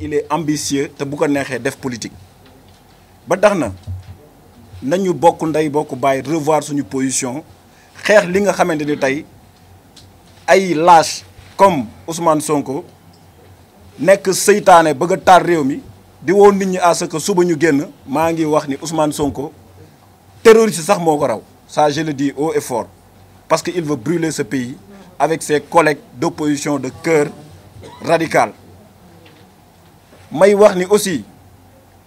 il est ambitieux te bu ko neexee def politique ba tax na nañu bokk ndey revoir suñu position xeex li nga xamante ni tey ay lâche comme Ousmane Sonko nek seytaane bëgg tar taar réew mi di woo nit ñi à ce que suba ñu génn maa ngi wax ni Ousmane Sonko terroriste sax moo ko raw ça je le dis haut et fort parce que il veut brûler ce pays avec ses collègues d'opposition de cœur radical may wax ni aussi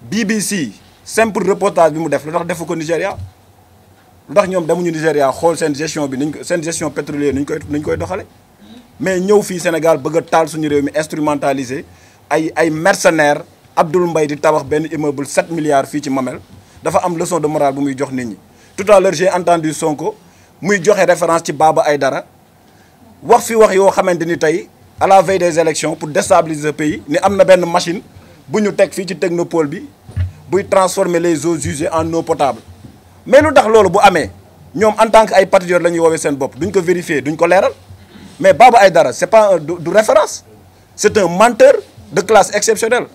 BBC simple reportage bi mu def lu tax defu ko nigeria ndax tax ñoom demuñu Nigéria xool seen gestion bi nuñ seen gestion pétrolière nuñ koy nuñ koy doxale mais ñëw fii Sénégal bëgg a taal suñu réew mi instrumentaliser ay ay mercenaires Abdoul mbay di tabax benn immeuble 7 milliards fii ci Mamel dafa am leçon de morale bu muy jox nit ñi tout à l'heure j'ai entendu Sonko muy joxe référence ci Baba Aïdara wax fi wax yoo xamante ni tey à la veille des élections pour déstabiliser le pays ni am na benn machine pour nous technopole transformer les eaux usées en eau potable mais nous avons dit bu nous, en tant que ay patriotes la nous woowee seen de duñ ko vérifier mais Baba Aïdara n'est pas du, référence c'est un menteur de classe exceptionnelle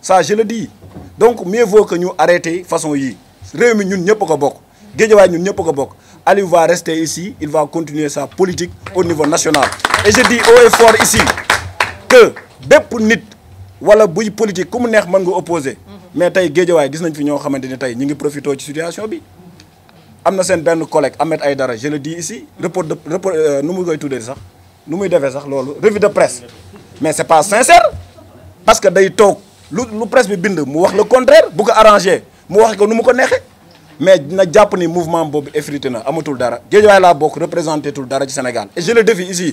ça je le dis donc mieux vaut que nous arrêtions arrêter façon y. nous mi ñun ñëpp a ko nous ne ñun ñëpp va rester ici il va continuer sa politique au niveau national et je dis haut et fort ici que pour nit wala buy politique ku mu neex mën nga opposé mais tey géejawaay gis nañ fi ñoo xamanteni tay ñi ngi profité ci situation bi amna sen ben benn collègue Ahmed Aïdara je le dis ici report de report euh, nu mu koy tuddee sax nu muy défé sax lolu revue de presse mais c'est pas sincère parce que day tok lu lu presse bi bind mu wax le contraire bu ko arrangé mu wax ko nu mu ko nexé mais na japp ni mouvement bobu effrité na amatul dara géejawaay la bok représenté tul dara ci Sénégal et je le défie ici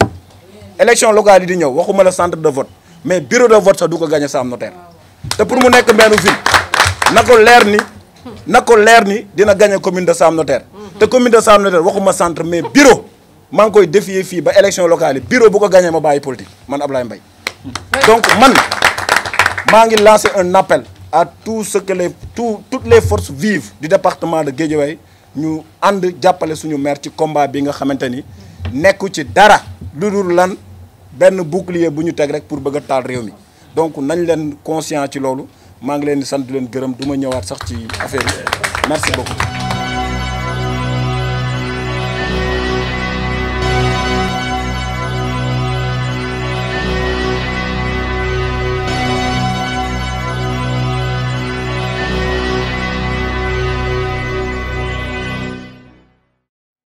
élection locale di ñew waxuma le centre de vote mais bureau de vote sax du ko gagné Sam Notaire te pour mu nekk mbeenu ville na ko leer ni na ko leer ni dina gagné commune de Sam Notaire te commune de Sam Notaire waxuma centre mais bureau maa ngi koy défier fii ba élection locale yi bureau bu ko gagné ma bàyyi politique man Ablaye Mbaye donc man maa ngi lancer un appel à tout ce que les tout toutes les forces vives di département de Guédiawaye ñu ànd jàppale suñu maire ci combat bi nga xamante ni nekku ci dara lu dul Ben bouclier buñu ñu rek pour bëgg a taal réew mi donc nañ leen conscient ci loolu maa ngi leen di sant leen gërëm du ma ñëwaat sax ci affaire yi merci beaucoup